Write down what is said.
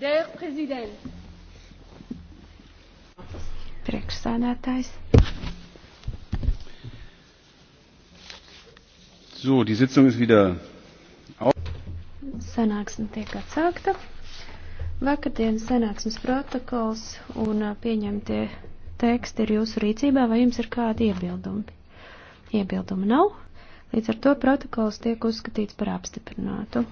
Der Präsident. Priekšsādātājs. So, die Sitzung ist wieder auf. Sanāksme tiek atsākta. Vakardienas sanāksmes protokols un pieņemtie teksti ir jūsu rīcībā, vai jums ir kādi iebildumi? Iebildumi nav, līdz ar to protokols tiek uzskatīts par apstiprinātu.